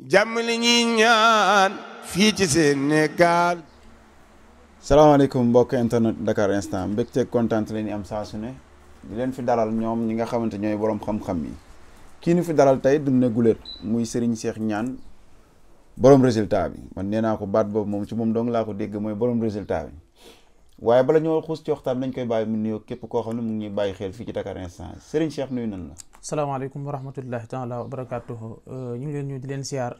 jàmm li ñuy ñaan fii ci Sénégal. salaamaaleykum mbokk internet Dakar instant mbégteeg kontaan la ñu am saa su ne di leen fi dalal ñoom ñi nga xamante ñooy borom xam-xam yi kii nu fi daral tey du ne guléet muy Serigne Cheikh ñaan borom résultat bi man nee naa ko baat boobu moom ci moom dong laa ko dégg mooy borom résultat bi waaye bala ñoo xuus ci waxtaan dañ koy bàyyi mu nuyoo képp koo xam ne mu ngi ñuy bàyyi xeel fii ci Dakar instant Serigne Cheikh nan la. salaamaaleykum wa rahmatullahi taala wa barakatuhu euh, ñu ngi leen ñu di leen siyaar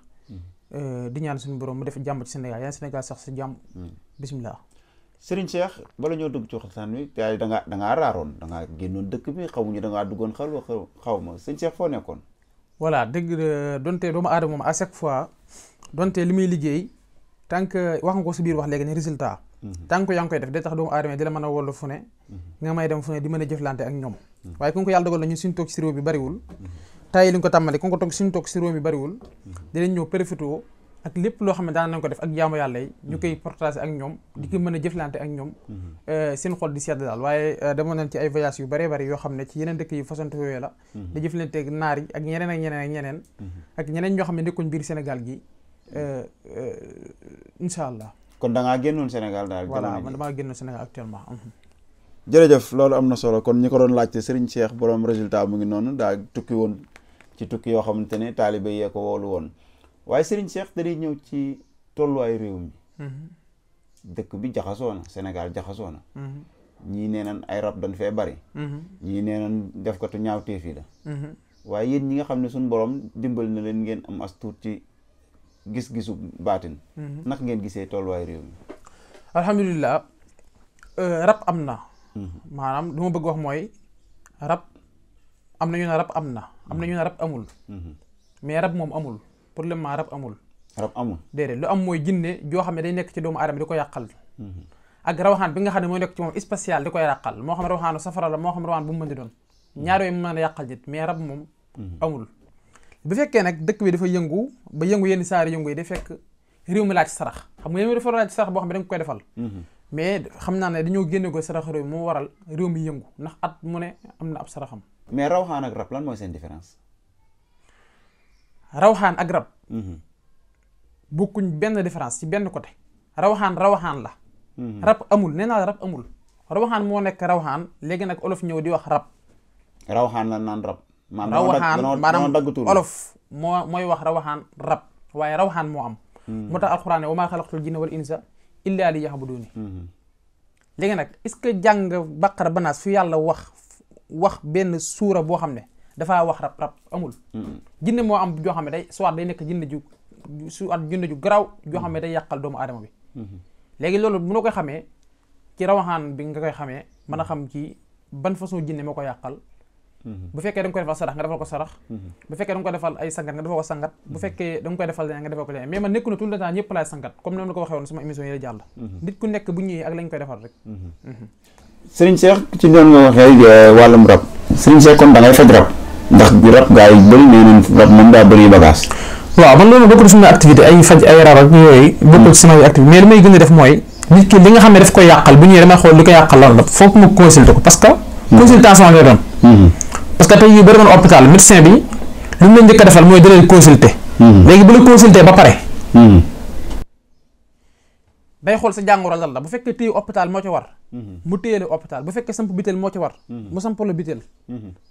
euh, di ñaan suñu borom mu def jàmm ci Sénégal yaa Sénégal sax si jàmm bisimilah Serigne Cheikh ñoo dugg ci waxtaan wi te da ngaa da ngaa raaroon da ngaa génnoon dëkk bi xawuñu da duggoon xalwa xaw ma Serigne Cheikh foo nekkoon voilà dëgg euh, donte doomu aadama moom à chaque fois donte li muy liggéey tant que wax nga ko si biir wax léegi ne résultat mhm. tant yaa ngi koy def day tax doomu aadama di la mën a wollu fu ne mhm. nga may dem fu ne di mën a jëflante ak ñoom waaye ku ko yàlla dogal na ñun toog si réew bi bariwul tay li ñu ko tàmmale ku ko toog suñu toog si réew bi bariwul dinañ ñëw profité ak lépp loo xam ne daan nañ ko def ak jaamu yàlla yi ñu koy partager ak ñoom di ko mën a jëflante ak ñoom eh, seen xol di sedd daal waaye eh, demoon nañ ci ay voyages yu bëree bëri yoo xam ne ci yeneen dëkk yi façon yooyu la da jëflante ak naar yi ak ñeneen ak ñeneen ñeneen ak ñeneen ñoo xam ne nekkuñ biir Sénégal gi eh, incha allah kon da ngaa génnoon Sénégal daal voilà man damaa génnoon Sénégal actuellement jërëjëf loolu am na solo kon ñi ko doon laajte sëriñ Cheikh boroom résultat mu ngi noonu daa tukki woon ci tukki yoo xamante ne taalibe yee ko woolu woon waaye Serigne Cheikh dañuy ñëw ci tolluwaay réew mi. Mm-hmm. dëkk bi jaxasoo senegal Sénégal jaxasoo na. Mm-hmm. ñii nee ay rab dañ fee bari. Mm-hmm. ñii nee nañ def ko tu ñaawteef yi la. waaye yéen ñi nga xam ne suñ borom dimbal na leen ngeen am as ci gis-gisu baatin. naka ngeen gisee tolluwaay réew mi. alhamdulilah euh, rab am na. maanaam lu ma bëgg wax mooy rab am na ñu ne rab am na am na ñu ne rab amul mais rab moom amul pour rab amul rab amul déedéet lu am mooy jinne joo xam ne day nekk ci doomu aadama di ko yàqal mhm. ak rawaxaan bi nga xam ne mooy nekk ci moom spécial di koy yàqal moo xam rawaxaanu safara la moo xam rawaxaan bu mu mën di doon mhm. ñaar yooyu mën a yàqal nit mais rab moom mhm. amul bu fekkee nag dëkk bi dafa yëngu ba yëngu yenn saari yëngu yi day fekk réew mi laaj sarax xam nga réew mi dafa boo xam ne da koy defal mais xam naa ne dañoo génne ko sarax réew moo waral réew mi yëngu ndax at mu ne am na ab saraxam. mais rawaxaan ak rab lan mooy seen différence. rawxaan ak rab. Mhm. bokkuñ benn différence si benn côté. rawxaan rawaxaan la. Mhm. rab amul nee naa la rab amul. rawxaan moo nekk rawxaan léegi nag olof ñëw di wax rab. rawxaan la naan rab. rawxaan maanaam olof moo mooy wax rawxaan rab waaye rawxaan moo am. Mhm. moo tax alxuraan wa maa xalaqtul jinna wal insa illaa li yaxbuduuni mhm. léegi nag est-ce que jàng baqara banaas fi yàlla wax wax benn suura boo xam ne dafaa wax rab rab amul mhm. jinne moo am joo xam ne day soit day nekk jinne ju su at jinne ju garaaw joo xam ne day yàqal doomu aadama bi mhm. léegi loolu bu noo koy xamee ci rawaxaan bi nga koy xamee mën a xam ci ban façon jinne moo ko yàqal Mhm. bu fekkee da nga koy defal sarax nga defal ko sarax mhm. bu fekkee da nga koy defal ay sangat nga defal ko sangat bu mhm. fekkee da nga koy defal nga defal ko leneen mais man nekku tout le temps ñëpp laay sangat comme noonu la ko waxee woon sama émission yi la jàll nit ku nekk bu ñëwee ak lañ koy defal rek Serigne Cheikh ci doon nga waxee eh, wàllum rab Serigne Cheikh kon da ngay faj rab ndax rab gaa yi bëri nee nañ rab moom daa bëri bagage waaw man loolu bokkul sama activité ay faj ay rab ak yooyu bokkul sama activité mais li may gën a def mooy nit ki li nga xam ne daf koy yàqal bu ñëwee damay xool li ko yàqal lan la foog mu consulter ko parce que consultation lay doon parce que tey yu bëri woon hôpital médecin bi lu mu la njëkk a defal mooy dina leen consulter. Hmm. léegi bu la consulter ba pare. day hmm. xool sa jàngoro lan la bu fekkee téye hôpital moo ci war. Hmm. mu téye la hôpital bu fekkee samp bitel moo ci war. mu samp la bitel.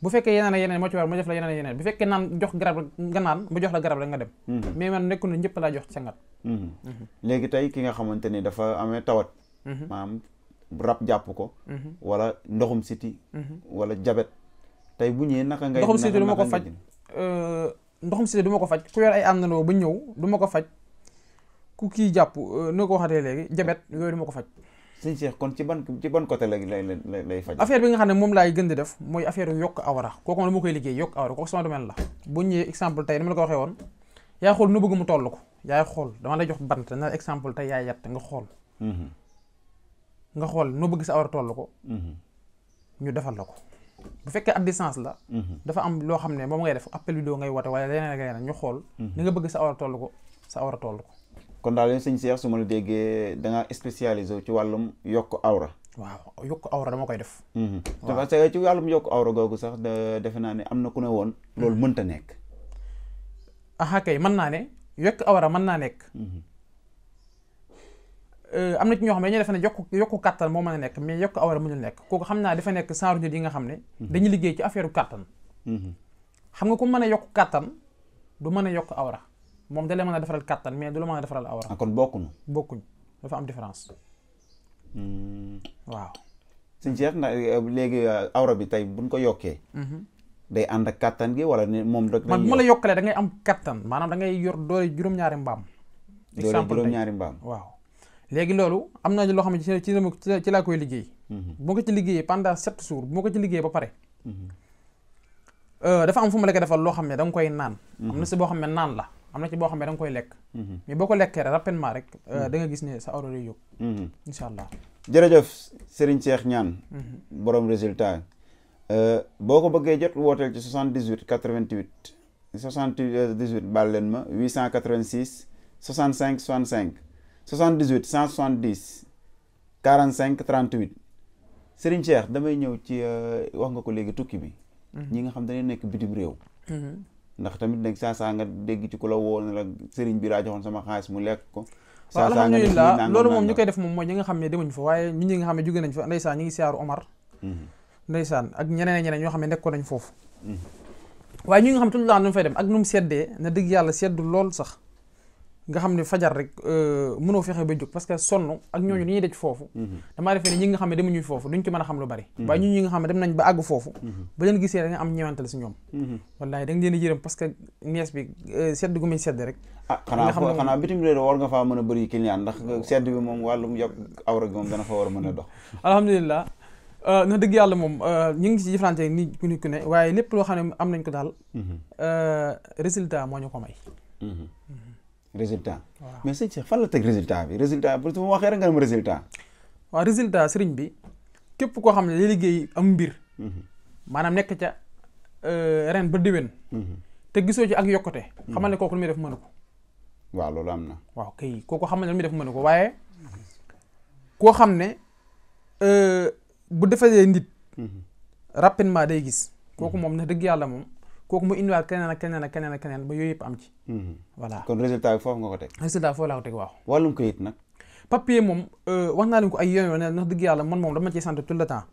bu fekkee yeneen ak yeneen moo ci war mu def la yeneen ak yeneen bu fekkee naan jox garab nga naan mu jox la garab la nga dem. mais man nekkul ne ñëpp laa jox sa ngat. léegi tey ki nga xamante ni dafa amee tawat. maanaam rab ko. tey bu ñëwee naka ngay. ndoxum cité du ma ko faj euh, ndoxum cité du ma ko faj ku yor ay àndandoo ba ñëw du ma ko faj ku kii jàpp euh, noo ko waxatee léegi jabet yooyu du ko faj. sëñ Cheikh kon ci ban ci ban côté lay lay lay faj. affaire bi nga xam ne moom laay gën di def mooy affaire yokk awara kooku moom la ma koy liggéey yokk awara ko sama domaine la bu ñëwee exemple tey ni ma la ko waxee woon yaay xool nu bëgg mu toll ko yaay xool dama lay jox bant na exemple tey yaay yatt nga xool. Mhm. nga xool nu bëgg sa awara toll ko. Mhm. ñu defal la ko. bu fekkee ab distance la. Mhm. dafa am loo xam ne moom ngay def appel vidéo ngay woote wala leneen ak leneen ñu xool. Mhm. ni nga bëgg sa awra toll ko sa awra toll ko. kon daal sëñ Cheikh su ma la déggee da nga spécialisé ci wàllum yokk awra. waaw yokk awra dama koy def. Mhm. waaw parce que ci wàllum yokk awra googu sax defe naa ne am na ku ne woon. loolu mënta nekk. ah kay mën naa ne yokk awra mën naa nekk. Euh, am na ci ñoo xam dañu dañuy defe ne yokku yokku kattan moo mën a nekk mais yokku awara mënul nekk kooku xam naa dafa nekk sans nit yi nga xam ne mhm. dañuy liggéey ci affaire kattan mhm. xam nga ku mën a yokku kattan du mën a yokk awra moom da lay mën a defaral kattan mais du la mën a defaral awra ah, kon bokkuñu bokkuñu dafa am différence hmm. waaw suñ Cheikh na euh, léegi euh, awra bi tey buñ ko yokkee mhm. day ànd ak kattan gi wala ni moom rek man bu la yokkalee da ngay am kattan maanaam da ngay yor doole juróom-ñaari mbaam doole juróom-ñaari mbaam waaw léegi loolu am naa loo xam ne ci ci laa koy liggéey. Mhm. bu ma ko ci liggéeyee pendant sept jours bu ma ko ci liggéeyee ba pare. Mhm. Euh, dafa am fu mu lekk ko defal loo xam ne da koy naan. Mhm. am na si boo xam ne naan la am na ci boo xam ne da koy lekk. mais boo ko lekkee rek rapidement rek euh, da gis ne sa awra day yóbbu. allah. jërëjëf Serigne Cheikh ñaan borom résultat euh, boo ko bëggee jot wooteel ci 78 88 78 baal leen ma 886 65 65. 78 170 45 38 Serigne Cheikh damay ñëw ci euh, wax nga ko léegi tukki bi. Mhm. ñi nga xam dañuy nekk bitim réew. Mhm. ndax tamit nag saa saa nga dégg ci ku la woon ne la Serigne bi daa joxoon sama xaalis mu lekk ko. saa saa nga def alhamdulilah loolu moom ñu koy def moom mooy ñi nga xam ne demuñu fa waaye ñi nga xam ne jóge nañ fa ndeysaan ñi ngi siyaaru Omar. Mhm. ndeysaan ak ñeneen ak ñeneen ñoo xam ne nekkoon nañ foofu. waaye ñi nga xam ne tout fay dem ak nu mu seddee na dëgg yàlla seddu lool sax nga xam ne fajar rek euh, mënoo fexe ba jóg parce que sonn ak ñooñu dañuy daj foofu mhm. damaa defee ne ñi nga xam ne demu ñuy foofu duñ ci mën a xam lu bari mhm. waaye ñu ñi nga xam ne dem nañ ba àgg foofu mhm. ba ñoom wallaay da nga leen di yërëm parce que nees bi euh, sedd gu muy sedd rek ah xanaa xanaa bitim réew war nga faa a bëri sedd bi moom wàllum yokk awra gi moom dana fa war a mën a dox alhamdulilah euh, na dëgg yàlla moom ñu ngi ci jëflante ni ku ku ne waaye lépp loo xam ne am nañ ko daal résultat moo ñu ko may résultat mais sëñ Cheikh fan la teg résultat bi résultat bu ma waxee rek nga am résultat. waaw résultat sëriñ bi képp koo xam ne day liggéey am mbir. Mhm. maanaam nekk ca euh, ren ba déwén. Mhm. te gisoo ci ak yokkute. Mhm. xamal ne kooku lu muy def mënu ko. waaw loolu am na. waaw kay kooku ne lu muy def mënu ko waaye koo xam ne euh, bu defee nit. rapidement day gis. kooku moom na dëgg yàlla moom. kooku mu indiwaat keneen keneen keneen keneen ba yooyu yëpp am ci. Mhm. voilà kon résultat bi foofu nga ko teg. résultat foofu laa moom euh, wax naa leen ko ay yoon ndax dëgg yàlla man moom dama sant tout le temps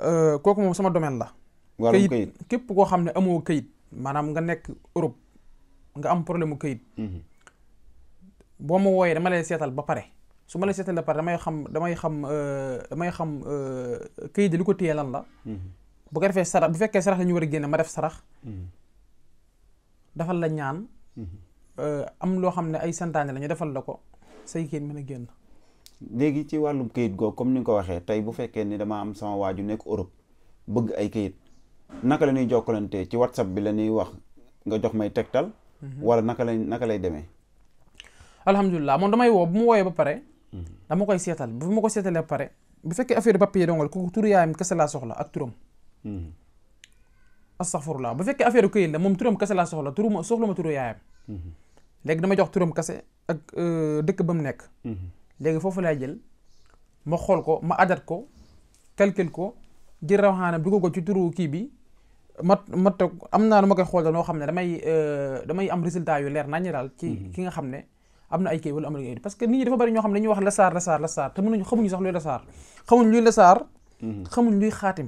euh, kooku moom sama domaine la. wàllum këyit képp koo xam ne amoo këyit maanaam nga nekk Europe nga am problème mu këyit. Mhm. boo ma wooyee dama lay seetal ba pare su ma lay seetal ba pare damay xam damay xam euh, damay xam këyit li ko téye lan la. Mhm. bu ko defee sarax bu fekkee sarax la ñu war a génne ma def sarax mhm. defal la ñaan mhm. euh, am loo xam ne ay santaane la defal la ko say kayit mën a génn léegi ci wàllum kayit googu comme ni nga ko waxee tey bu fekkee ni dama am sama waaju nekk Europe bëgg ay kayit naka la ñuy jokkalante ci whatsapp bi la ñuy wax nga jox may tegtal mhm. wala naka lay naka lay demee alhamdulilah moom damay woo bu mu wooyee ba pare dama koy seetal bu ma ko seetalee ba pare bu fekkee affaire papier dongal ku tur yaayam kese laa soxla ak turam Hmm. astaghfirullah bu fekkee affaire këyit la moom turam kase laa soxla turu ma soxla ma turu yaayam hmm. léegi dama jox turam kase ak euh, dëkk ba mu nekk hmm. léegi foofu laay jël ma xool ko ma adat ko calcul ko jël rawaxaanam dugal ko ci turu kii bi ma mat am naa nu ma koy xool da noo xam ne damay euh, damay am résultat yu leer nañu daal ci ki nga xam ne am na ay kayit wala am na ay parce que nit ñi dafa bari ñoo xam ne dañuy wax la saar la saar la saar te xamuñu sax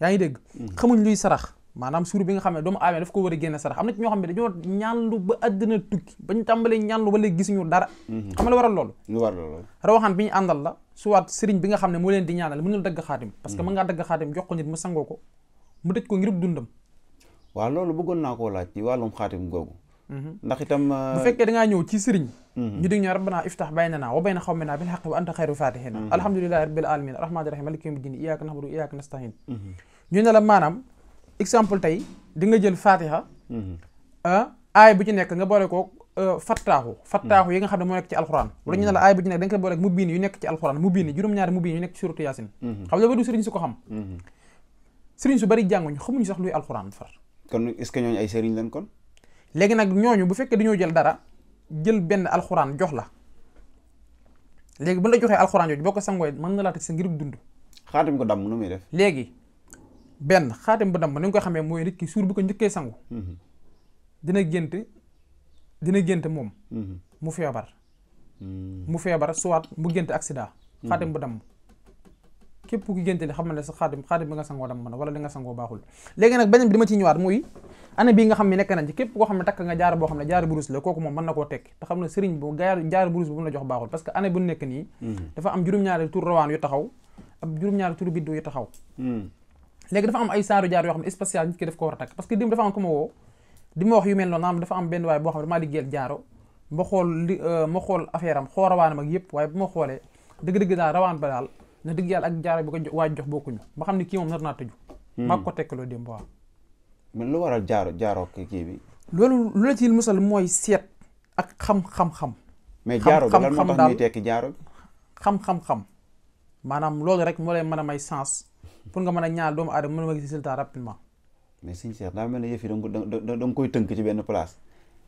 yaa ngi dégg mm-hmm. xamuñ luy sarax maanaam suur bi nga xam ne doomu aadama daf ko war a génne sarax am na ci ñoo xam ne dañoo ñaanlu ba àddina tukki bañ tàmbalee ñaanlu ba léegi gisuñu dara mm-hmm. xam nga lu waral loolu lu waral loolu rawaxaan bi ñu àndal la soit sëriñ bi nga xam ne moo leen di ñaanal mënul dagg xaatim parce que mm-hmm. mën ngaa dagg xaatim jox ko nit mu sangoo ko mu dëj ko ngir dundam waaw loolu bëggoon naa koo laaj ci wàllum xaatim googu ndax itam bu fekkee da ngaa ñëw ci sëriñ ñu dig ñoo rabbana iftah baynana wa bayna xawmina bil xaqi wa anta xayru fatihina alhamdulilahi rabbil alamin arrahmani rahim maliki yawmi din iyyaka nahmadu wa iyyaka nastahin ñu ne la maanaam exemple tey di nga jël fatiha aay bu ci nekk nga boole ko fattaaxu fattaaxu yi nga xam ne moo nekk ci alxuraan wala ñu ne la aay bu ci nekk da nga koy boole ak mubiin yu nekk ci alxuraan mubiin juróom-ñaari mubiin yu nekk ci suratu yaasin xam nga ba du sëriñ su ko xam sëriñ su bari jànguñ xamuñu sax luy alxuraan far kon est-ce que ñooñu ay sëriñ lañ kon léegi nag ñooñu bu fekkee dañoo jël dara jël benn alxuraan jox la léegi bu ñu la joxee alxuraan jooju boo ko sangooy mën na laa tëj sa ngir dund. xaatim ko damm nu muy def. léegi benn xaatim bu damm ni nga ko xamee mooy nit ki suur bu ko njëkkee sangu. Mhm. dina gént dina gént moom. Mhm. mu feebar. Mhm. mu feebar soit mu gént accident. xaatim bu damm. képp ku génte li xamal ne sa xaatim xaatim bi nga sangoo dam mën a wala nga sangoo baaxul léegi nag beneen bi dama ciy ñëwaat muy année bii nga xam ne nekk nañ ci képp koo xam ne takk nga jaar boo xam ne jaar burus la kooku moom mën na koo tekk te xam ne sëriñ bu jaar burus bi mu la mhm. mhm. a takk ma xool li euh, xool affaire am xoo waaye bu ma xoolee dëgg-dëgg daal rawaan ba daal na dëgg yàlla ak jaaro bi ko waaj jox bokkuñu ba xam ne kii moom nar naa tëju. Hmm. maa ko tekkaloo démb waaw. lu waral jaaro jaaro kii bi. loolu lu la ci musal mooy seet ak xam-xam-xam. mais jaaro bi lan moo tax ñuy tekki jaaro bi xam-xam-xam maanaam loolu rek moo lay mën a may sens pour nga mën a ñaar doomu aadama mën a gis résultat rapidement. mais sëñ Cheikh daa mel ne yëf yi da nga koy tënk ci benn place.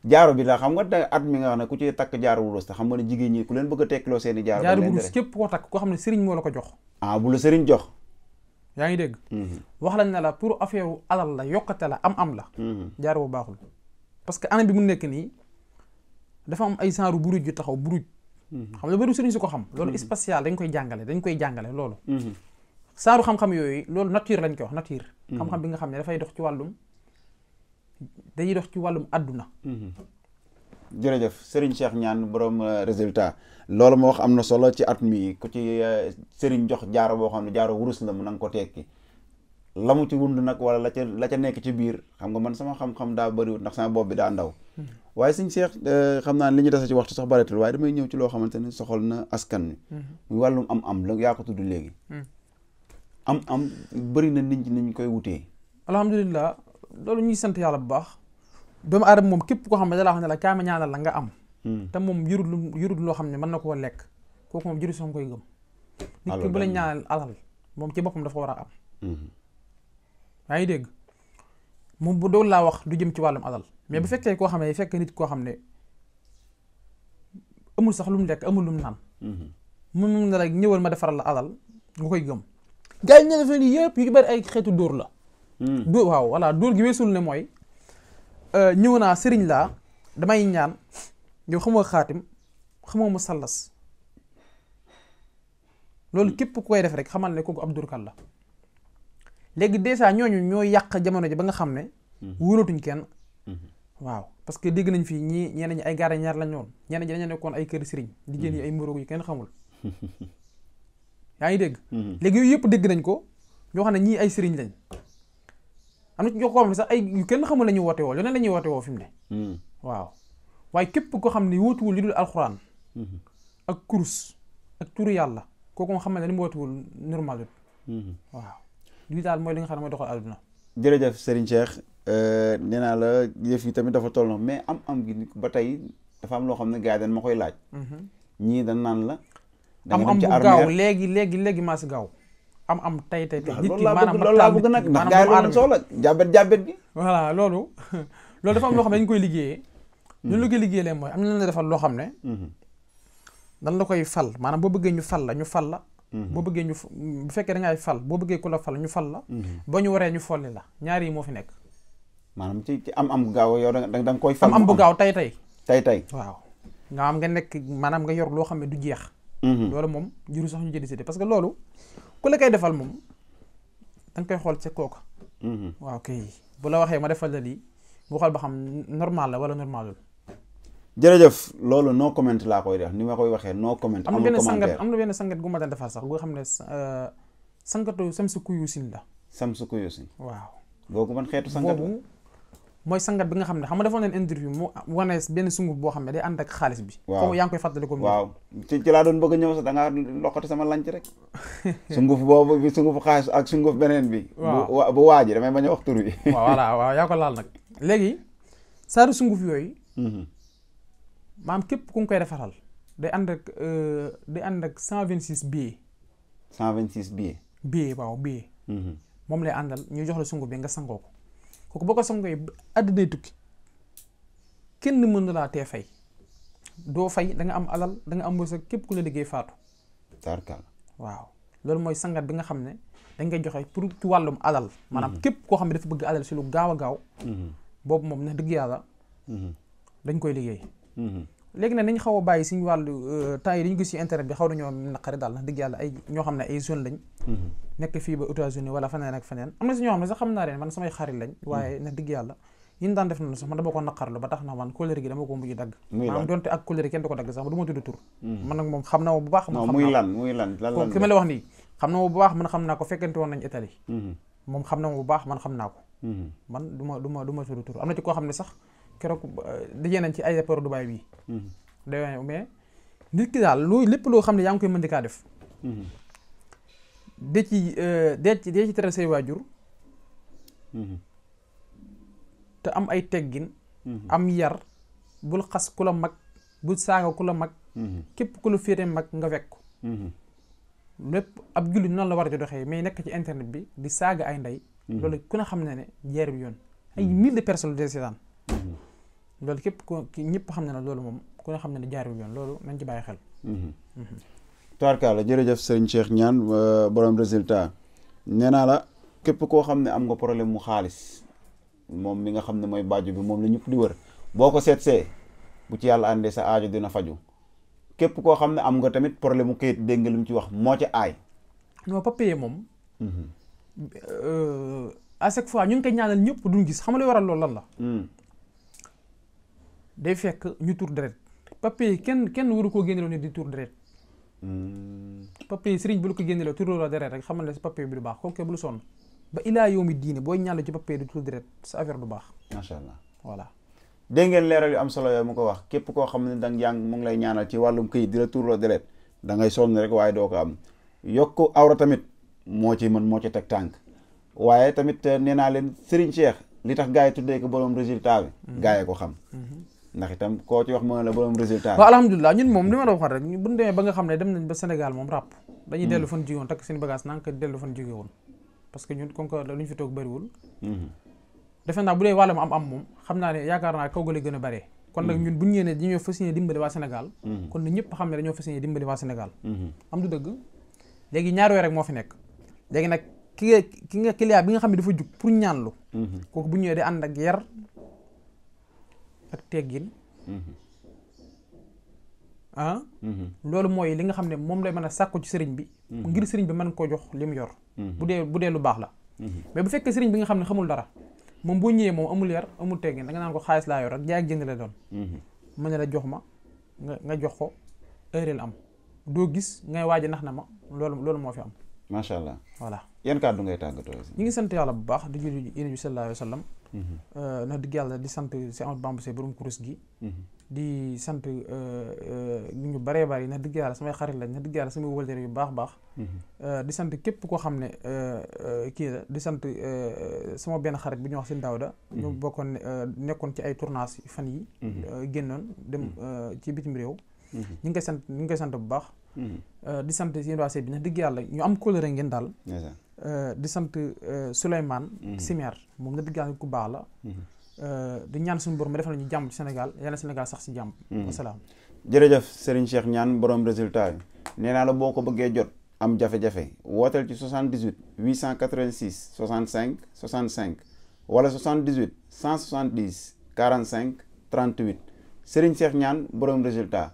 jaaro bi la xam nga at mi nga xam ne ku ci takk jaaro wurus te xam nga ne jigéen ñi ku leen bëgg a tekkiloo seen i jaaro jaaro wurus képp koo takk koo jox ah, bu la sëriñ jox yaa ngi dégg mhm. wax lañ ne la pour affaire alal la yokkate la am am la mhm. jaaro bu baaxul parce que anam bi nekk nii dafa am ay genre buruj yu taxaw buruj mhm. xam nga bëri sëriñ si ko xam loolu spécial dañ koy jàngale dañ koy jàngale loolu genre xam-xam yooyu loolu nature lañ koy wax nature xam-xam bi nga xam ne dafay dox ci wàllum dañuy dox ci wàllum àdduna jërëjëf Serigne Cheikh ñaan borom euh, résultat loolu moo wax am na solo ci at mi ku ci euh, Serigne jox jaaro boo xam ne jaaro wurus la mu na nga ko tekki la mu ci wund nag wala la ca la nekk ci biir xam nga man sama xam-xam daa bëriwut ndax sama bopp bi daa ndaw hmm. waaye Serigne Cheikh euh, xam naa li ñu dese ci waxtu sax bareetul waaye damay ñëw ci loo xamante ne soxal na askan wi hmm. muy wàllum am-am la yaa ko tudd léegi hmm. am-am bëri na nit ñi ni ñu koy wutee loolu ñuy sant yàlla bu baax doomu aadama moom képp koo xam ne dalaa wax ne la kaama ñaanal la nga am hmm. te moom yurul lu yurul loo xam ne mën na koo lekk kooku moom jëru sax koy gëm nit ki bu la ñaanal moom ci boppam dafa war a am hmm. ngi dégg moom bu doon laa wax du jëm ci wàllum alal mais bu hmm. fekkee koo xam ne fekk nit koo xam ne sax lu mu lekk amul lu mu naan mun na la ñëwal ma defaral la alal nga koy gëm gars yi ñu ne yëpp yu bari ay xeetu dóor la dóor waaw voilà dóor gi weesul ne mooy euh, ñëw naa sëriñ laa damay ñaan yow xamoo xaatim xamoo mu sallas loolu hmm. képp ku koy def rek xamal ne kooku ab durkat la léegi dèjà ñooñu ñoo yàq jamono ji ba nga xam ne hmm. wóolatuñ kenn hmm. waaw parce que dégg nañ fii ñii ñeneen ñi ay gaara ñaar lañ woon ñeneen ñi dañu nekkoon ay kër sëriñ jigéen yi ay moroog yu kenn xamul yaa ngi dégg léegi yooyu yëpp dégg nañ ko ñoo xam ne ñii ay sëriñ lañ am na ci ñoo ko ne sax ay yu kenn xamul la ñuy woote woo leneen la ñuy woote woo fi ne. Hmm. waaw waaye képp koo xam ne wóotuwul li dul alxuraan. Hmm. ak kurus ak turu yàlla kooku nga xam ne dañu ni normal hmm. waaw lii daal mooy li nga ne mooy doxal àdduna. jërëjëf Serigne Cheikh euh, nee naa la yëf dafa toll na mais am-am gi ba tey dafa am loo xam ne gars yi dañ koy laaj. ñii dañ naan la. da nga am-am bu gaaw léegi léegi léegi maa si gaaw. am am tey tey tey. nit ki maanaam loolu laa bëgg nag ndax gars yi loolu soxla jàbbet loolu loolu dafa dañu koy liggéeyee. ñun lu koy liggéeyee mooy am na la defal loo xam ne. Mhm. dan la koy fal maanaam boo bëggee ñu fal la ñu fal la. Mhm. boo bëggee ñu bu fekkee da ngay boo bëggee ku fal ñu fal la. Mhm. ba ñu waree ñu folli la ñaari yi moo fi nekk. maanaam ci ci am-am gaaw yow da nga koy. fal am bu gaaw tey tey. tey tey waaw. nga am nga nekk maanaam nga yor loo xam ne du jeex. loolu moom juru sax ñu jëli parce que loolu ku la koy defal moom danga koy xool ca kooka. Mm-hmm. waaw kay bu la waxee ma defal la lii bu xool ba xam normal la wala normalul jërëjëf loolu no comment laa koy def ni ma koy waxee no comment. amul benn sangat am na benn sangat gu ma daan defal sax boo xam ne euh, sangatu samsuku yusin la. samsuku yusin. waaw. boobu man xeetu sangat moy sangat bi nga xamne xam nga defoon len interview mo wane ben sunguf bo xamne day and ak xaalis bi comme yaa ngi koy fatale ko waaw ci ci la doon bëgg ñew sax da nga loxati sama lanc rek sunguf bobu bi sunguf xaalis ak sunguf benen bi bu waji damay bañ wax tur bi waaw wala waaw ya ko laal nak legi saaru sunguf hmm maam kep ku ngi koy defaral day and ak euh, day and ak 126 b 126 b b waaw b hmm mom lay andal ñu jox la sunguf bi nga sangoko kooku boo ko songee àddinay tukki kenn mënu laa tee fay doo fay danga am alal danga nga am wërsëg képp ku la liggéey faatu. tarkal waaw loolu mooy sangat bi nga xam ne dañ koy joxe pour ci wàllum alal. maanaam mhm. képp koo xam ne dafa bëgg alal si lu gaaw a gaaw. Mhm. boobu moom na dëgg yàlla. Mhm. dañ koy liggéey. léegi nag nañ xaw a bàyyi suñu wàllu euh, temps yi dañu gis ci internet bi xaw nañoo naqari daal wax dëgg yàlla ay ñoo xam ne ay zone lañ mm-hmm. nekk fii ba États-Unis wala feneen ak feneen am na si ñoo xam ne sax xam naa leen man samay xarit lañ mm-hmm. waaye man dama ko tax na man colère gi dama ko mujj dagg maanaam donte mm-hmm. moom xam na bu baax xam muy ma bu baax man xam naa ko fekkente woon nañ Italie moom xam na bu baax man xam naa ko man du ma du ma tur am na ci koo xam ne sax keroog euh, dajee nañ ci aéroport Dubaï bii. Mhm. day mais nit ki daal loo lépp loo xam ne yaa ngi koy mën di kaa def. Mhm. Euh, de ci de ci de ci tere say waajur. Mhm. te am ay teggin. am yar bul xas ku la mag bul saaga ku la mag. képp ku la féete mag nga wekk ko. lépp ab jullit noonu la war di doxee mais nekk ci internet bi di saaga ay ndey. loolu ku ne xam ne ne jeer bi yoon. ay mille de personnes de seetaan loolu képp ku ñëpp xam na ne loolu moom ku ne xam ne ne jaarul yoon loolu nañ ci bàyyi xel. Mhm. Mhm. Tubaarkalla jërëjëf sëriñ Cheikh Niane borom résultat nee naa la képp koo xam ne am nga problème mu xaalis moom mi nga xam ne mooy bàjju bi moom la ñëpp di wër boo ko seetsee bu ci yàlla àndee sa aajo dina faju képp koo xam ne am nga tamit problème mu kayit dégg nga lu ci wax moo ci aay. non papier moom. Mhm. Euh, à chaque fois ñu ngi koy ñaanal ñëpp duñ gis xam nga lu waral loolu lan la. Mm. day fekk ñu tour ken papier yi kenn kenn waru koo génneeloo di tur dret hmm papi sëriñ bu lu ko gënël tour lo dret rek xamal la sa bi lu baax bu lu son ba ila diine ci di tur dret sa affaire du baax macha allah voilà dégg ngeen leeral yu am solo yooyu mu ko wax képp ko xam ne danga mu ngi lay ñaanal ci walum këyit di la lo dret da ngay son rek waaye do ko am yokk awra tamit mo ci man mo ci tek tank waye tamit eh, nee len Serigne Cheikh li tax gaay tuddé ko borom résultat bi mm-hmm. gaay ko xam mm-hmm. ndax itam koo ci wax mën la borom résultat waaw alhamdulilah ñun moom li ma la waxoon rek bu ñu demee ba nga xam ne dem nañ ba Sénégal moom ràpp dañuy hmm. dellu fan jóge woon takk seen bagage nank dellu fan jóge woon parce que ñun hmm. naa bu dee wàllum am am moom xam naa ne yaakaar naa kaw gale gën a bëree kon nag hmm. ñun bu ñu ñëwee dañoo fas yéene dimbali waa Sénégal kon na ñëpp xam ne dañoo fas yéene dimbali waa Sénégal am du dëgg léegi ñaar weer rek moo fi nekk léegi nag ki nga ki nga client bi nga xam ne dafa jug pour ñaanlu kooku bu ñëwee day ànd ak yar ak teggin mm-hmm. ah mm-hmm. loolu mooy li nga xam ne moom lay mën a sàkku ci sëriñ bi mm-hmm. ngir sëriñ bi mën koo jox li mu yor bu dee bu dee lu baax la mais bu fekkee sëriñ bi nga xam ne xamul dara moom boo ñëwee moom amul yar amul teggin da nga naan ko xaalis laa yor rek jaay ak jënd la doon mën na la jox ma nga nga jox ko heurel am doo gis ngay waaj nax na ma loolu loolu moo fi am macha allah voilà yan kàddu ngay tàggatoo ñu ngi sant yàlla bu baax di julli yéen bi Euh, na dëgg yàlla di sant si Amadou Bamba Seye borom kurus gi. Mhm. di sant euh, euh, ñu baree bari na dëgg yàlla sumay xarit lañ na dëgg yàlla samay wëlëre yu baax baax. Mhm. di sant képp koo xam ne kii la di sant sama benn xarit bu ñuy wax si da mhm. ñu bokkoon nekkoon ci ay tournages fan yi génnoon dem ci bitim réew. ñu mhm. ngi koy sant ñu ngi koy sant bu baax. Mhm. Euh, di sant yéen bi nag dëgg yàlla ñu am kóolare ngeen daal. Euh, di sant euh, Souleymane. Mhm. Simer moom nga dëgg yàlla ku baax la. di ñaan suñu borom defal ñu jàmm ci Sénégal yàlla Sénégal sax si jàmm. wasalaam. jërëjëf Serigne Cheikh ñaan borom résultat yi nee naa la boo ko bëggee jot am jafe-jafe wooteel ci 78 886 65 65 wala 78 170 45 38 Serigne Cheikh ñaan borom résultat.